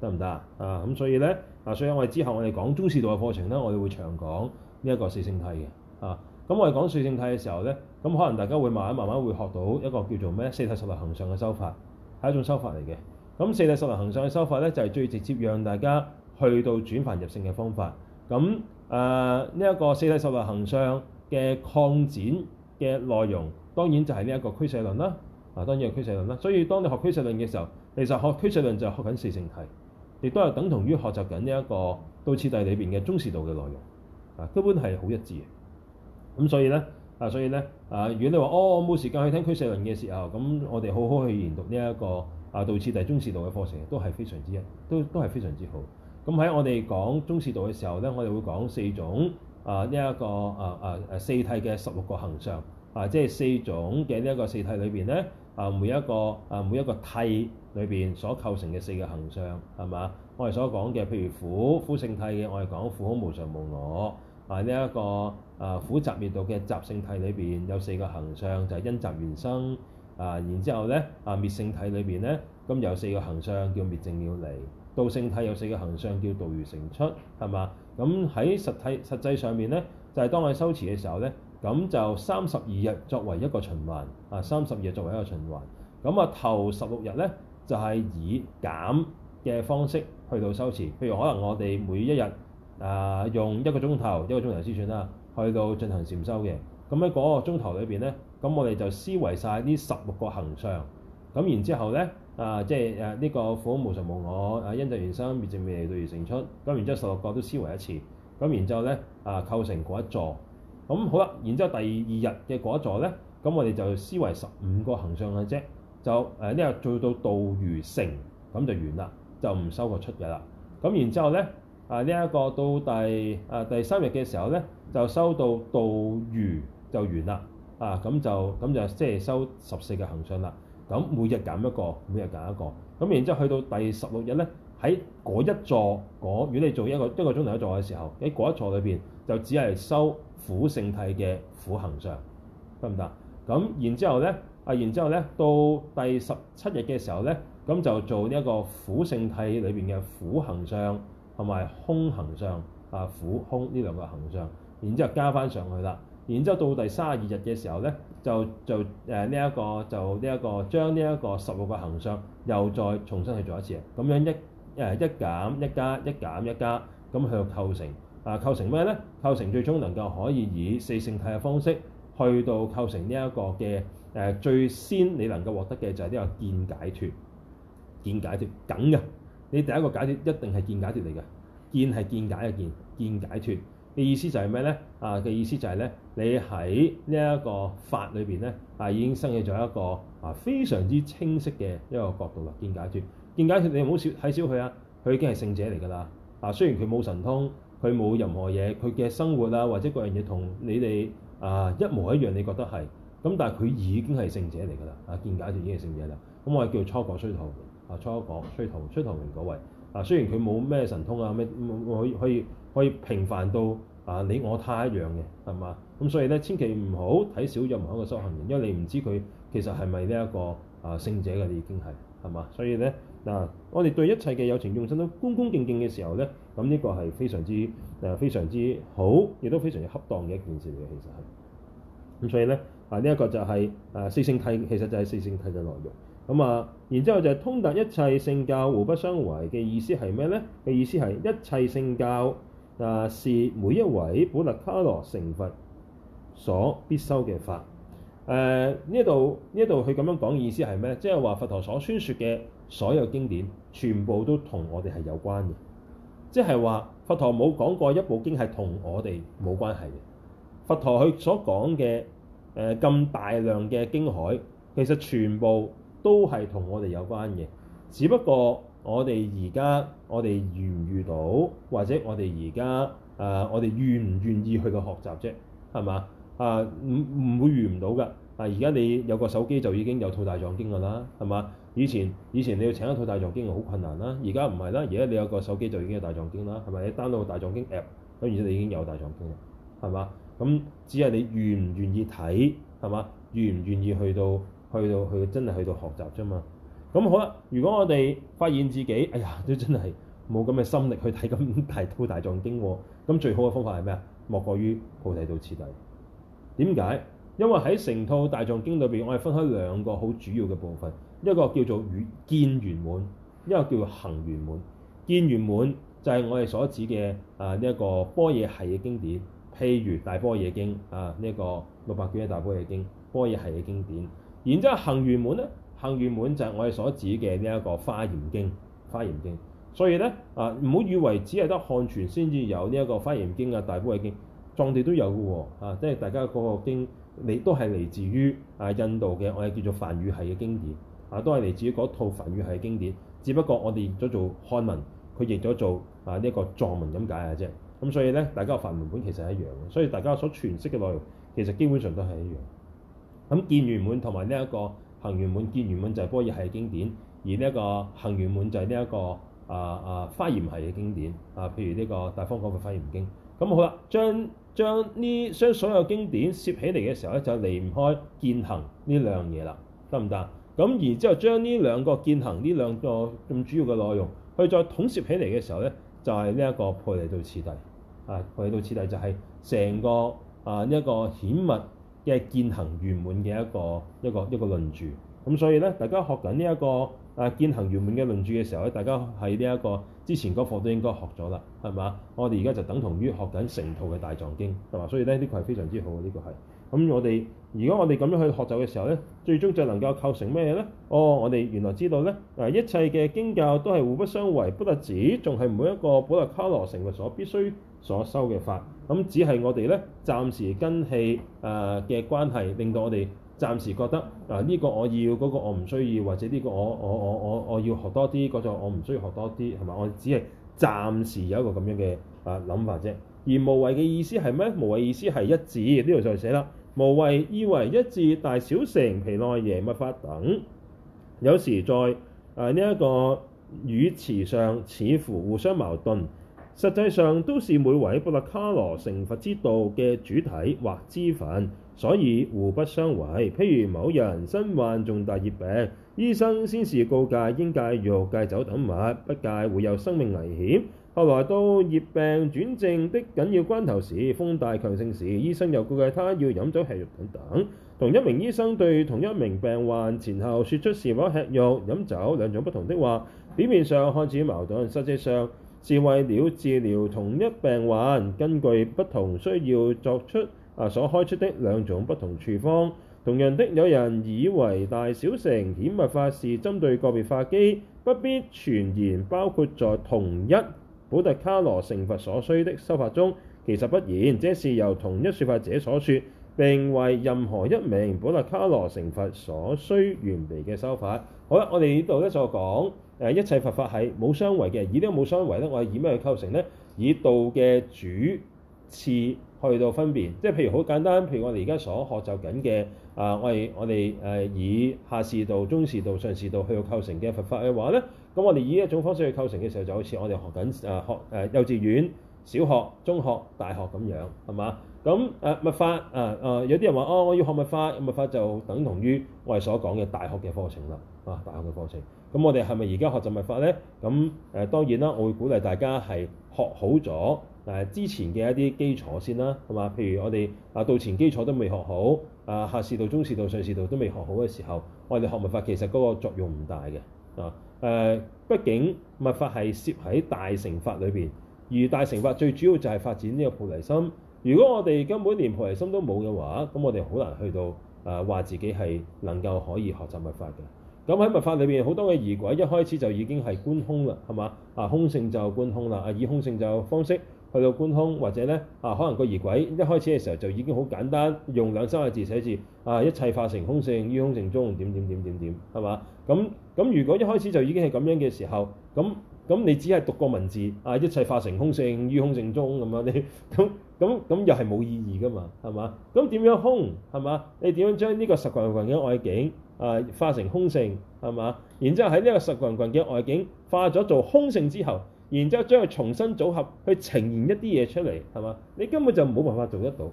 A: 得唔得啊？啊咁所以呢，啊所以我哋之後我哋講中士道嘅課程呢，我哋會長講呢一個四聖諦嘅啊。咁我哋講四聖諦嘅時候呢，咁可能大家會慢慢慢慢會學到一個叫做咩四諦十六行相嘅修法，係一種修法嚟嘅。咁四諦十六行相嘅修法呢，就係、是、最直接讓大家去到轉凡入聖嘅方法。咁誒呢一個四諦十六行相嘅擴展嘅內容，當然就係呢一個趨勢論啦。啊，當然係趨勢論啦。所以當你學趨勢論嘅時候，其實學趨勢論就係學緊四聖諦，亦都係等同於學習緊呢一個道次第裏邊嘅中士道嘅內容。啊，根本係好一致嘅。咁、啊、所以咧，啊所以咧，啊如果你話哦我冇時間去聽趨勢論嘅時候，咁我哋好好去研讀呢一個啊道次第中士道嘅課程，都係非常之一，都都係非常之好。咁喺我哋講中士道嘅時候咧，我哋會講四種啊呢一個啊啊啊四諦嘅十六個行相啊，即係四種嘅呢一個四諦裏邊咧啊每一個啊每一個諦裏邊所構成嘅四個行相係嘛？我哋所講嘅譬如苦苦聖諦嘅，我哋講苦空無常無我；啊呢一、啊這個啊苦集滅道嘅集聖諦裏邊有四個行相，就係、是、因集緣生啊。然之後咧啊滅聖諦裏邊咧咁有四個行相叫滅靜妙離。道性體有四個行相，叫道如成出，係嘛？咁喺實體實際上面呢，就係、是、當佢收持嘅時候呢，咁就三十二日作為一個循環，啊，三十二日作為一個循環。咁啊，頭十六日呢，就係、是、以減嘅方式去到收持。譬如可能我哋每一日啊、呃、用一個鐘頭，一個鐘頭先算啦，去到進行禪修嘅。咁喺嗰個鐘頭裏邊咧，咁我哋就思維晒呢十六個行相。咁然之後呢。啊，即係誒呢個苦無常無我，啊、這個、啊因就緣生，滅就滅靜妙離，道如成出。咁、啊、然之後十六個都思維一次，咁、啊、然之後咧啊構成嗰一座。咁好啦，然之後第二日嘅嗰一座咧，咁我哋就思維十五個行相嘅啫，就誒呢個做到道如城咁就完啦，就唔收個出嘅啦。咁、啊、然之後咧啊呢一、這個到第啊第三日嘅時候咧，就收到道如就完啦。啊咁就咁就即係收十四個行相啦。咁每日減一個，每日減一個，咁然之後去到第十六日咧，喺嗰一座，嗰如果你做一個一個鐘頭一座嘅時候，喺嗰一座裏邊就只係收苦聖諦嘅苦行相，得唔得？咁然之後咧，啊，然之後咧，到第十七日嘅時候咧，咁就做呢一個苦聖諦裏邊嘅苦行相同埋空行相啊，苦空呢兩個行相，然之後加翻上去啦。然之後到第三十二日嘅時候咧，就就誒呢一個就呢一、這個將呢一個十六個行相又再重新去做一次，咁樣一誒、呃、一減一加一減一加，咁去到構成啊、呃、構成咩咧？構成最終能夠可以以四聖諦嘅方式去到構成呢一個嘅誒、呃、最先你能夠獲得嘅就係呢個見解脱，見解脱梗嘅，你第一個解脱一定係見解脱嚟嘅，見係見解嘅見，見解脱。嘅意、啊、意思就係咩咧？啊嘅意思就係咧，你喺呢一個法裏邊咧，啊已經生起咗一個啊非常之清晰嘅一個角度啦。見解脱，見解脱，你唔好小睇小佢啊！佢已經係聖者嚟噶啦。嗱、啊，雖然佢冇神通，佢冇任何嘢，佢嘅生活啊或者各樣嘢同你哋啊一模一樣，你覺得係咁，但係佢已經係聖者嚟噶啦。啊，見解脱已經係聖者啦。咁、啊、我係叫做初果須陀洹啊初果須陀須陀洹嗰位。嗱、啊，雖然佢冇咩神通啊，咩可以可以。啊可以可以平凡到啊，你我他一樣嘅係嘛？咁所以咧，千祈唔好睇小任何一個修行人，因為你唔知佢其實係咪呢一個聖啊聖者嘅你已經係係嘛？所以咧，嗱、啊，我哋對一切嘅有情眾生都恭恭敬敬嘅時候咧，咁呢個係非常之誒、啊、非常之好，亦都非常之恰當嘅一件事嚟嘅，其實係咁，所以咧啊，呢、這、一個就係、是、誒、啊、四聖替，其實就係四聖替嘅內容咁啊。然之後就係通達一切聖教互不相違嘅意思係咩咧？嘅意思係一切聖教。嗱，啊，是每一位補特伽羅成佛所必修嘅法。誒，呢度呢度佢咁樣講意思係咩？即係話佛陀所宣説嘅所有經典，全部都同我哋係有關嘅。即係話佛陀冇講過一部經係同我哋冇關係嘅。佛陀佢所講嘅，誒咁大量嘅經海，其實全部都係同我哋有關嘅，只不過，我哋而家我哋遇唔遇到，或者我哋而家誒我哋願唔願意去到學習啫，係嘛？誒唔唔會遇唔到㗎。但而家你有個手機就已經有套大藏經㗎啦，係嘛？以前以前你要請一套大藏經好困難啦，而家唔係啦，而家你有個手機就已經有大藏經啦，係咪？你 download 大藏經 app，咁然之後你已經有大藏經啦，係嘛？咁只係你願唔願意睇，係嘛？願唔願意去到去到去到去真係去到學習啫嘛？咁好啦，如果我哋發現自己，哎呀，都真係冇咁嘅心力去睇咁大套大藏經喎，咁最好嘅方法係咩啊？莫過於好睇到徹底。點解？因為喺成套大藏經裏邊，我哋分開兩個好主要嘅部分，一個叫做見圓滿，一個叫做行圓滿。見圓滿就係我哋所指嘅啊呢一個般若系嘅經典，譬如大般若經啊，呢個六百幾嘅大般若經，般若系嘅經典。然之後行圓滿咧。幸願滿就係我哋所指嘅呢一個《華嚴經》《華嚴經、啊這個、經》，所以咧啊，唔好以為只係得漢傳先至有呢一個《華嚴經》嘅《大埔悲經》，藏地都有嘅喎啊！即係大家嗰個經，你都係嚟自於啊印度嘅我哋叫做梵語系嘅經典啊，都係嚟自於嗰套梵語系經典，只不過我哋譯咗做漢文，佢譯咗做啊呢一個藏文咁解嘅啫。咁所以咧，大家梵文本其實係一樣嘅，所以大家所詮釋嘅內容其實基本上都係一樣。咁見願滿同埋呢一個。行圓滿，見圓滿就係般若系經典，而呢一個行圓滿就係呢一個啊啊華嚴系嘅經典啊，譬如呢個大方廣嘅華嚴經。咁、啊、好啦，將將呢將所有經典攝起嚟嘅時候咧，就離唔開見行呢兩嘢啦，得唔得？咁、啊、然之後將呢兩個見行呢兩個咁主要嘅內容，去再統攝起嚟嘅時候咧，就係呢一個菩提道次第啊，菩提道次第就係成個啊呢一個顯密嘅見行圓滿嘅一個一個一個論著，咁所以咧，大家學緊呢一個啊見行圓滿嘅論著嘅時候咧，大家喺呢一個之前嗰課都應該學咗啦，係嘛？我哋而家就等同於學緊成套嘅大藏經，係嘛？所以咧，呢個係非常之好嘅，呢個係。咁、嗯、我哋如果我哋咁樣去學習嘅時候咧，最終就能夠構成咩咧？哦，我哋原來知道咧，啊一切嘅經教都係互不相違，不特止，仲係每一個補特伽羅成佛所必須所修嘅法。咁只係我哋咧，暫時根器誒嘅、呃、關係，令到我哋暫時覺得啊呢、這個我要，嗰、那個我唔需要，或者呢個我我我我我要學多啲，嗰、那、種、個、我唔需要學多啲，係嘛？我只係暫時有一個咁樣嘅啊諗法啫。而無違嘅意思係咩？無違意思係一致，呢度就寫啦。無違意為一致，大小乘、毗奈耶、密法等，有時在誒呢一個語詞上似乎互相矛盾。實際上都是每位補特伽羅成佛之道嘅主體或支分，所以互不相違。譬如某人身患重大熱病，醫生先是告誡應戒肉、戒酒等物，不戒會有生命危險。後來到熱病轉症的緊要關頭時，風大強盛時，醫生又告誡他要飲酒吃肉等等。同一名醫生對同一名病患前後説出是否吃肉飲酒兩種不同的話，表面上看似矛盾，實際上，是為了治療同一病患，根據不同需要作出啊所開出的兩種不同處方。同樣的，有人以為大小乘顯密法是針對個別化機，不必全然包括在同一補特伽羅成佛所需的修法中。其實不然，這是由同一說法者所說。並為任何一名補特伽羅成佛所需完備嘅修法。好啦，我哋呢度咧就講，誒一切佛法係冇相違嘅，以呢個冇相違咧，我係以咩去構成咧？以道嘅主次去到分別，即係譬如好簡單，譬如我哋而家所學習緊嘅，啊我係我哋誒以下士道、中士道、上士道去到構成嘅佛法嘅話咧，咁我哋以一種方式去構成嘅時候，就好似我哋學緊誒學誒幼稚園、小學、中學、大學咁樣，係嘛？咁誒、嗯、物法誒誒、嗯嗯、有啲人話哦，我要學物法，物法就等同於我哋所講嘅大學嘅課程啦啊，大學嘅課程。咁、嗯、我哋係咪而家學習物法咧？咁、嗯、誒當然啦，我會鼓勵大家係學好咗誒、啊、之前嘅一啲基礎先啦，係嘛？譬如我哋啊，道前基礎都未學好啊，下士道、中士道、上士道都未學好嘅時候，我哋學物法其實嗰個作用唔大嘅啊誒、啊，畢竟物法係涉喺大乘法裏邊，而大乘法最主要就係發展呢個菩提心。如果我哋根本連菩提心都冇嘅話，咁我哋好難去到啊，話、呃、自己係能夠可以學習密法嘅。咁喺密法裏邊好多嘅儀軌，一開始就已經係觀空啦，係嘛？啊，空性就觀空啦，啊，以空性就方式去到觀空，或者咧啊，可能個儀軌一開始嘅時候就已經好簡單，用兩三個字寫字啊，一切化成空性，於空性中點點點點點，係嘛？咁咁如果一開始就已經係咁樣嘅時候，咁。咁你只係讀個文字，啊，一切化成空性於空性中咁樣啲，咁咁咁又係冇意義噶嘛，係嘛？咁點樣空係嘛？你點樣將呢個十個人環境外境啊、呃、化成空性係嘛？然之後喺呢個十個人環境外境化咗做空性之後，然之後將佢重新組合去呈現一啲嘢出嚟係嘛？你根本就冇辦法做得到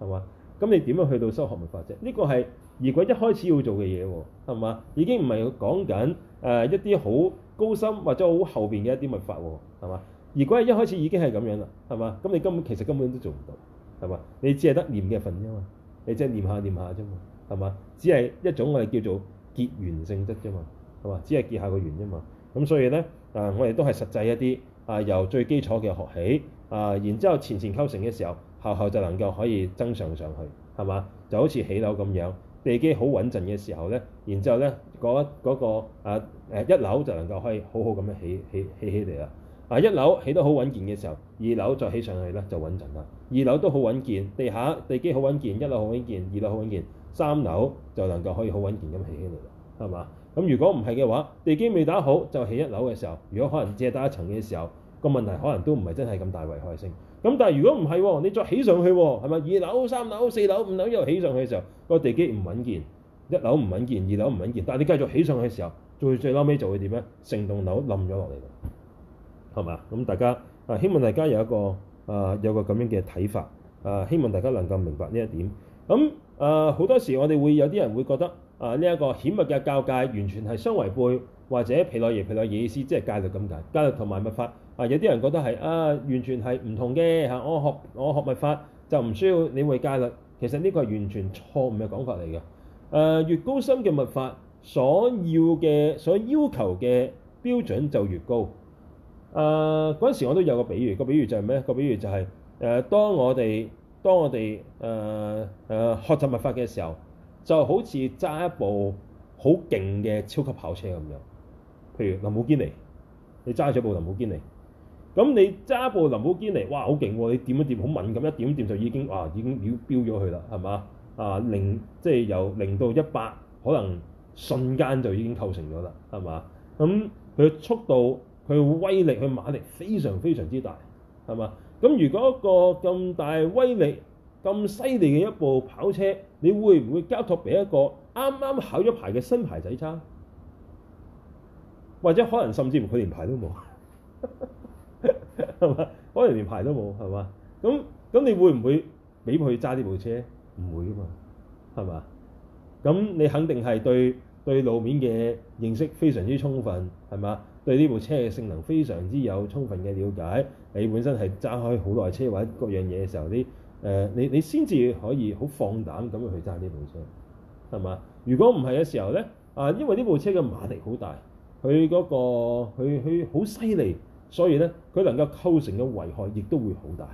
A: 係嘛？咁你點樣去到修學文化啫？呢、這個係如果一開始要做嘅嘢喎，係嘛？已經唔係講緊誒一啲好。高深或者好後邊嘅一啲密法喎，係嘛？如果係一開始已經係咁樣啦，係嘛？咁你根本其實根本都做唔到，係嘛？你只係得念嘅份啫嘛，你即係念下念下啫嘛，係嘛？只係一種我哋叫做結緣性質啫嘛，係嘛？只係結下個緣啫嘛。咁所以呢，啊，我哋都係實際一啲，啊，由最基礎嘅學起，啊，然之後前前構成嘅時候，後後就能夠可以增上上去，係嘛？就好似起樓咁樣。地基好穩陣嘅時候咧，然之後咧嗰、嗰個、嗰個、啊誒一樓就能夠可以好好咁樣起起，起起起起嚟啦。啊，一樓起得好穩健嘅時候，二樓再起上去咧就穩陣啦。二樓都好穩健，地下地基好穩健，一樓好穩健，二樓好穩健，三樓就能夠可以好穩健咁起起嚟啦，係嘛？咁如果唔係嘅話，地基未打好就起一樓嘅時候，如果可能只係打一層嘅時候，個問題可能都唔係真係咁大危害性。咁但係如果唔係喎，你再起上去喎，係咪二樓、三樓、四樓、五樓又起上去嘅時候，個地基唔穩健，一樓唔穩健，二樓唔穩健，但係你繼續起上去嘅時候，最最嬲尾就會點咧？成棟樓冧咗落嚟，係咪啊？咁大家啊，希望大家有一個啊、呃，有個咁樣嘅睇法啊，希望大家能夠明白呢一點。咁啊，好、呃、多時我哋會有啲人會覺得啊，呢、這、一個顯密嘅交界完全係相違背，或者毘奈耶毘奈耶意思，即係戒律咁解，戒律同埋密法。啊！有啲人覺得係啊，完全係唔同嘅嚇。我學我學密法就唔需要你會戒律，其實呢個係完全錯誤嘅講法嚟嘅。誒、呃，越高深嘅密法，所要嘅所要求嘅標準就越高。誒嗰陣時我都有個比喻，個比喻就係咩？個比喻就係、是、誒、呃，當我哋當我哋誒誒學習密法嘅時候，就好似揸一部好勁嘅超級跑車咁樣，譬如林寶堅尼，你揸咗部林寶堅尼。咁你揸部林寶堅尼，哇好勁喎！你點一掂，好敏感，一點掂，就已經哇已經飆飆咗佢啦，係嘛？啊、呃、零即係、就是、由零到一百，可能瞬間就已經構成咗啦，係嘛？咁佢速度、佢威力、佢馬力非常非常之大，係嘛？咁如果一個咁大威力、咁犀利嘅一部跑車，你會唔會交託俾一個啱啱考咗牌嘅新牌仔揸？或者可能甚至乎佢連牌都冇？ 係嘛？ 可能連牌都冇，係嘛？咁咁，你會唔會俾佢揸呢部車？唔會㗎嘛，係嘛？咁你肯定係對對路面嘅認識非常之充分，係嘛？對呢部車嘅性能非常之有充分嘅了解。你本身係揸開好耐車或者各樣嘢嘅時候，啲誒你、呃、你你先至可以好放膽咁去揸呢部車，係嘛？如果唔係嘅時候咧，啊，因為呢部車嘅馬力好大，佢嗰個佢佢好犀利。所以咧，佢能夠構成嘅危害亦都會好大，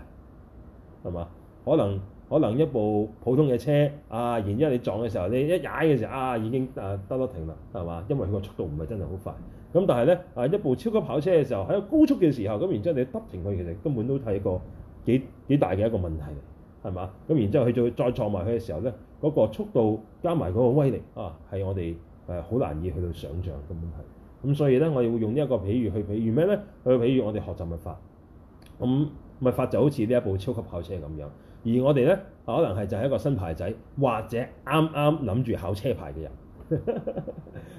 A: 係嘛？可能可能一部普通嘅車啊，然之後你撞嘅時候，你一踩嘅時候啊，已經啊得得停啦，係嘛？因為佢個速度唔係真係好快。咁但係咧啊，一部超級跑車嘅時候喺個高速嘅時候，咁然之後你得停佢，其實根本都睇過幾幾大嘅一個問題嚟，係嘛？咁然之後佢再再撞埋佢嘅時候咧，嗰個速度加埋嗰個威力啊，係我哋誒好難以去到想像根本係。咁所以咧，我哋會用呢一個比喻去比喻咩咧？去比喻我哋學習密法。咁、嗯、密法就好似呢一部超級跑車咁樣，而我哋咧可能係就係一個新牌仔，或者啱啱諗住考車牌嘅人。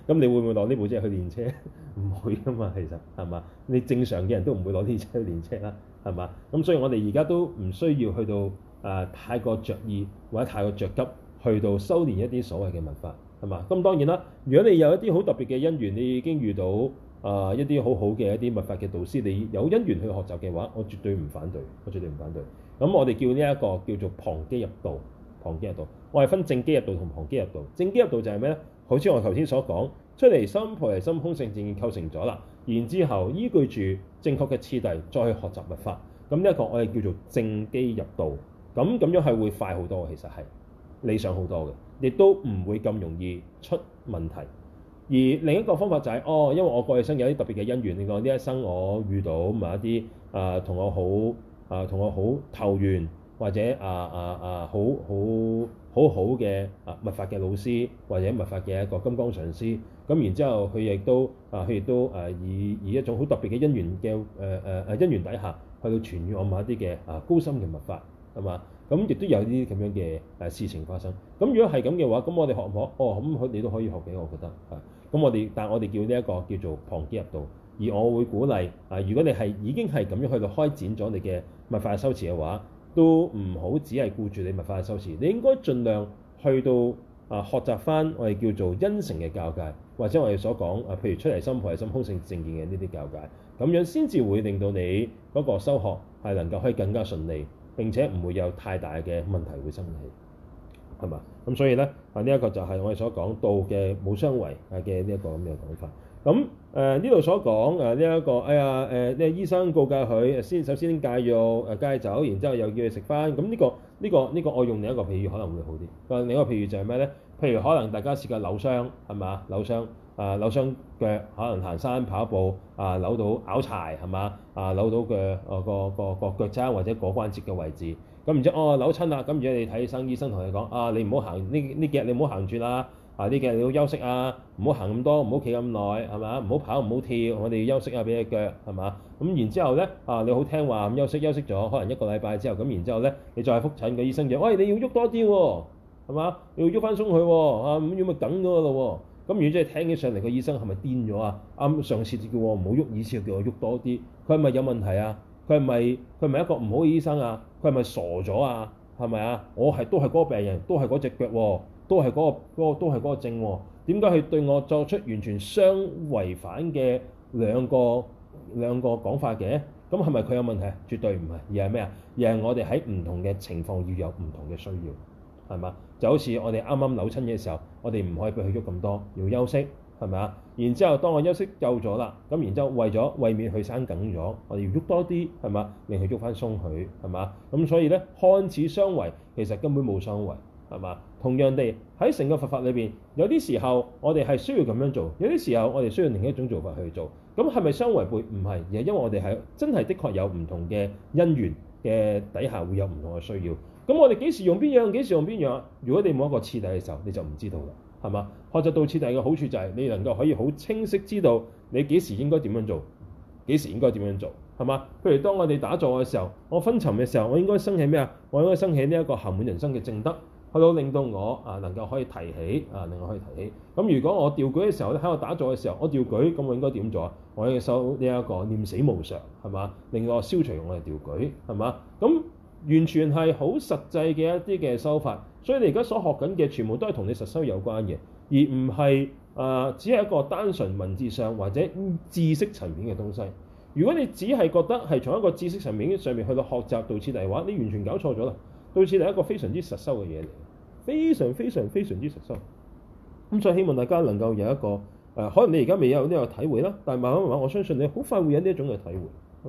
A: 咁 你會唔會攞呢部車去練車？唔會噶嘛，其實係嘛？你正常嘅人都唔會攞呢車去練車啦，係嘛？咁所以我哋而家都唔需要去到誒、呃、太過着意或者太過着急，去到修練一啲所謂嘅密法。係嘛？咁當然啦。如果你有一啲好特別嘅因緣，你已經遇到啊、呃、一啲好好嘅一啲密法嘅導師，你有因緣去學習嘅話，我絕對唔反對，我絕對唔反對。咁我哋叫呢一個叫做旁機入道，旁機入道。我係分正機入道同旁機入道。正機入道就係咩咧？好似我頭先所講，出離心、菩提心、空性正見構成咗啦。然之後依據住正確嘅次第再去學習密法。咁呢一個我哋叫做正機入道。咁咁樣係會快好多，其實係理想好多嘅。亦都唔會咁容易出問題。而另一個方法就係、是，哦，因為我過去生有啲特別嘅因緣，你講呢一生我遇到某一啲啊同我好啊同我好投緣，或者啊啊啊好好,好好好好嘅啊密法嘅老師，或者密法嘅一個金剛上師，咁然之後佢亦都啊佢亦都誒以以一種好特別嘅因緣嘅誒誒誒因緣底下，去到傳與我某一啲嘅啊高深嘅密法係嘛？咁亦都有呢啲咁樣嘅誒事情發生。咁如果係咁嘅話，咁我哋學唔學？哦，咁佢你都可以學嘅，我覺得啊。咁我哋，但係我哋叫呢、這、一個叫做旁機入道。而我會鼓勵啊，如果你係已經係咁樣去到開展咗你嘅密法嘅修持嘅話，都唔好只係顧住你密法修持，你應該盡量去到啊學習翻我哋叫做因乘嘅教界，或者我哋所講啊，譬如出離心、菩提心、空性正見嘅呢啲教界。咁樣先至會令到你嗰個修學係能夠可以更加順利。並且唔會有太大嘅問題會生起，係嘛？咁所以咧，啊呢一、這個就係我哋所講到嘅冇相違啊嘅呢一個咁嘅講法。咁誒呢度所講啊呢一個，哎呀誒，呢、啊啊啊、醫生告誡佢先，首先戒肉、戒酒，然之後又叫佢食返。咁呢個呢個呢個，這個這個、我用另一個譬喻可能會好啲。個另一個譬喻就係咩咧？譬如可能大家試過扭傷，係嘛？扭傷。啊扭傷腳，可能行山跑步，啊扭到拗柴係嘛？啊扭到腳個個個個腳踭或者個關節嘅位置，咁然之後哦扭親啦，咁如果你睇醫生，醫生同你講啊，你唔好行呢呢幾日，你唔好行住啦，啊呢幾日你要休息啊，唔好行咁多，唔好企咁耐係嘛？唔好跑唔好跳，我哋要休息下俾隻腳係嘛？咁然之後咧啊你好聽話咁休息休息咗，可能一個禮拜之後咁，然之後咧你再復診個醫生就，喂你要喐多啲喎，係嘛？要喐翻鬆佢喎，啊咁樣咪緊咗㗎咯喎。咁如果即係聽起上嚟個醫生係咪癲咗啊？啱上次叫我唔好喐，以前叫我喐多啲，佢係咪有問題啊？佢係咪佢係咪一個唔好嘅醫生啊？佢係咪傻咗啊？係咪啊？我係都係嗰個病人，都係嗰隻腳喎，啊，都係嗰、嗰個、嗰個、都係嗰個症喎，啊，點解佢對我作出完全相違反嘅兩個兩個講法嘅？咁係咪佢有問題啊？絕對唔係，而係咩啊？而係我哋喺唔同嘅情況要有唔同嘅需要，係嘛？就好似我哋啱啱扭親嘅時候，我哋唔可以俾佢喐咁多，要休息，係咪啊？然之後，當我休息夠咗啦，咁然之後，為咗為免佢生梗咗，我哋要喐多啲，係嘛？令佢喐翻鬆佢，係嘛？咁所以咧，看似相違，其實根本冇相違，係嘛？同樣地，喺成個佛法裏邊，有啲時候我哋係需要咁樣做，有啲時候我哋需要另一種做法去做。咁係咪相違背？唔係，而係因為我哋係真係的確有唔同嘅因緣嘅底下，會有唔同嘅需要。咁我哋幾時用邊樣，幾時用邊樣？如果你冇一個次第嘅時候，你就唔知道啦，係嘛？學習到次第嘅好處就係、是、你能夠可以好清晰知道你幾時應該點樣做，幾時應該點樣做，係嘛？譬如當我哋打坐嘅時候，我昏沉嘅時候，我應該生起咩啊？我應該生起呢一個暇滿人身嘅正德，去到令到我啊能夠可以提起啊，令我可以提起。咁如果我掉舉嘅時候咧，喺我打坐嘅時候，我掉舉，咁我應該點做啊？我應該收呢一個念死無常，係嘛？令我消除我嘅掉舉，係嘛？咁。完全係好實際嘅一啲嘅修法，所以你而家所學緊嘅全部都係同你實修有關嘅，而唔係誒只係一個單純文字上或者知識層面嘅東西。如果你只係覺得係從一個知識層面上面去到學習道次第嘅話，你完全搞錯咗啦。道次第係一個非常之實修嘅嘢嚟，非常非常非常之實修。咁所以希望大家能夠有一個誒、呃，可能你而家未有呢個體會啦，但係慢慢慢慢，我相信你好快會有呢一種嘅體會。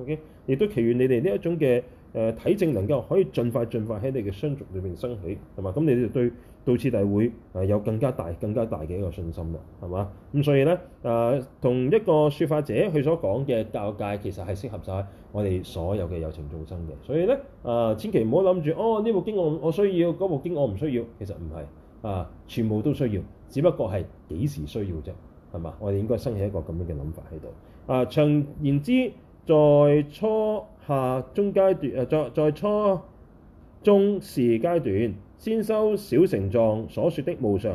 A: OK，亦都祈願你哋呢一種嘅。誒、呃、體證能夠可以盡快盡快喺你嘅相續裏邊生起，係嘛？咁你就對到次第會誒有更加大更加大嘅一個信心啦，係嘛？咁所以咧誒、呃，同一個説法者佢所講嘅教界其實係適合晒我哋所有嘅有情眾生嘅。所以咧誒、呃，千祈唔好諗住哦，呢部經我我需要，嗰部經我唔需要。其實唔係啊，全部都需要，只不過係幾時需要啫？係嘛？我哋應該生起一個咁樣嘅諗法喺度。誒、呃，詳言之。在初下中階段啊，在在初中士階段，先修小乘藏所說的無常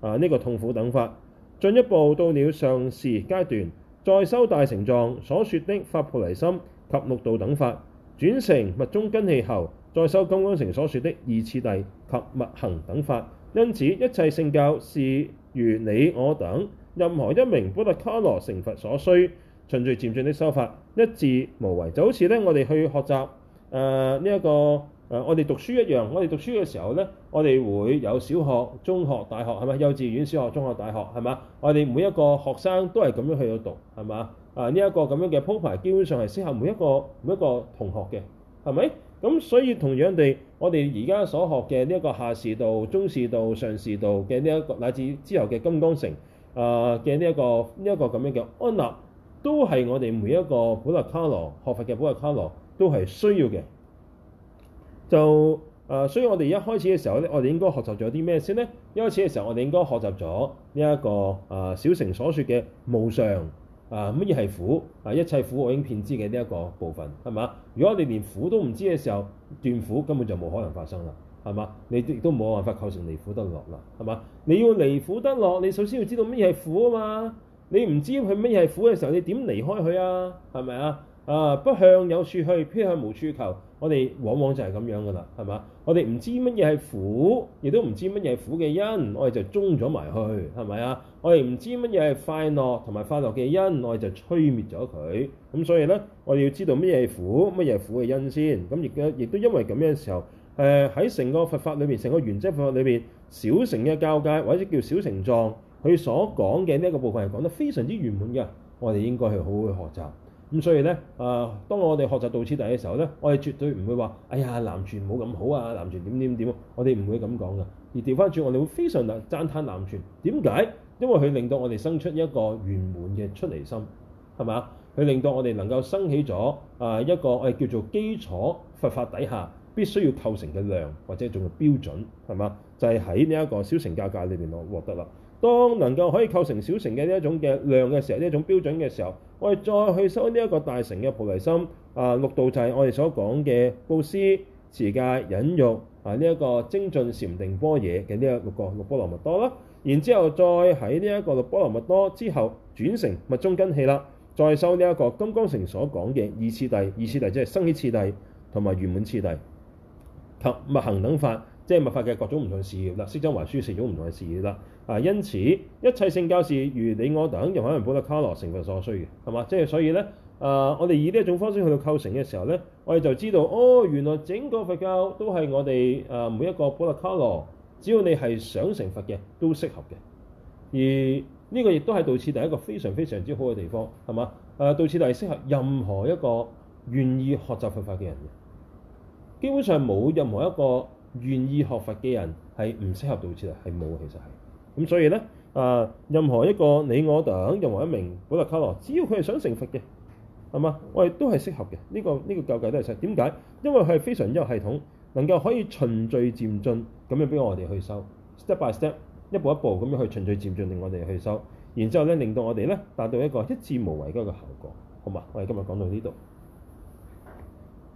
A: 啊，呢、這個痛苦等法。進一步到了上士階段，再修大乘藏所說的發菩提心及六度等法。轉成密宗根器後再修金剛乘所說的二次第及密行等法。因此一切聖教是如你我等任何一名補特伽羅成佛所需，循序漸進的修法，一致無違，就好似咧，我哋去學習誒呢一個誒、呃，我哋讀書一樣。我哋讀書嘅時候咧，我哋會有小學、中學、大學係咪？幼稚園、小學、中學、大學係嘛？我哋每一個學生都係咁樣去到讀係嘛？啊，呢一個咁樣嘅鋪排，基本上係適合每一個每一個同學嘅係咪？咁所以同樣地，我哋而家所學嘅呢一個下士道、中士道、上士道嘅呢一個乃至之後嘅金剛乘啊嘅呢一個呢一個咁樣嘅安立。都係我哋每一個補特伽羅學佛嘅補特伽羅都係需要嘅。就誒、呃，所以我哋一開始嘅時候咧，我哋應該學習咗啲咩先咧？一開始嘅時候，我哋應該學習咗呢一個誒、呃、小乘所說嘅無常啊，乜嘢係苦啊，一切苦我應遍知嘅呢一個部分，係嘛？如果你連苦都唔知嘅時候，斷苦根本就冇可能發生啦，係嘛？你亦都冇辦法構成離苦得樂啦，係嘛？你要離苦得樂，你首先要知道乜嘢係苦啊嘛。你唔知佢乜嘢係苦嘅時候，你點離開佢啊？係咪啊？啊不向有處去，偏向無處求。我哋往往就係咁樣噶啦，係咪？我哋唔知乜嘢係苦，亦都唔知乜嘢係苦嘅因，我哋就中咗埋去，係咪啊？我哋唔知乜嘢係快樂，同埋快樂嘅因，我哋就摧滅咗佢。咁所以咧，我哋要知道乜嘢係苦，乜嘢係苦嘅因先。咁亦都，亦都因為咁樣嘅時候，誒喺成個佛法裏面，成個原則佛法裏面，小乘嘅交界或者叫小乘狀。佢所講嘅呢一個部分係講得非常之圓滿嘅，我哋應該去好好去學習。咁所以呢，啊、呃，當我哋學習到此地嘅時候呢，我哋絕對唔會話：哎呀，南傳冇咁好啊，南傳點點點。我哋唔會咁講嘅，而調翻轉我哋會非常難讚歎南傳。點解？因為佢令到我哋生出一個圓滿嘅出離心，係嘛？佢令到我哋能夠生起咗啊、呃、一個誒叫做基礎佛法底下必須要構成嘅量或者一種標準，係嘛？就係喺呢一個小乘教界裏邊我獲得啦。當能夠可以構成小乘嘅呢一種嘅量嘅時候，呢一種標準嘅時候，我哋再去收呢一個大乘嘅菩提心、呃。啊，六度就係我哋所講嘅布施、持戒、忍辱啊，呢一個精進、禪定、般若嘅呢一個六個六波羅蜜多咯。然之後再喺呢一個六波羅蜜多之後轉成密宗根器啦，再收呢一個金剛乘所講嘅二次第、二次第即係生起次第同埋圓滿次第，及密行等法。即係密法嘅各種唔同事業啦，息增懷誅四種唔同嘅事業啦。啊，因此一切聖教是如你我等任何一個補特伽羅成佛所需嘅，係嘛？即係所以咧，啊、呃，我哋以呢一種方式去到構成嘅時候咧，我哋就知道哦，原來整個佛教都係我哋啊、呃、每一個補特伽羅，只要你係想成佛嘅都適合嘅。而呢個亦都係道次第一個非常非常之好嘅地方，係嘛？啊，道次第適合任何一個願意學習佛法嘅人嘅，基本上冇任何一個，願意學佛嘅人係唔適合導師啊，係冇其實係。咁所以咧，啊，任何一個你我等任何一名補特伽羅，只要佢係想成佛嘅，係嘛？我哋都係適合嘅。呢、呢個呢、呢個教界都係實。點解？因為係非常之有系統，能夠可以循序漸進，咁樣畀我哋去修，step by step，一步一步咁樣去循序漸進令我哋去修，然之後咧令到我哋咧達到一個一致無違嘅一個效果，好嘛？我哋今日講到呢度。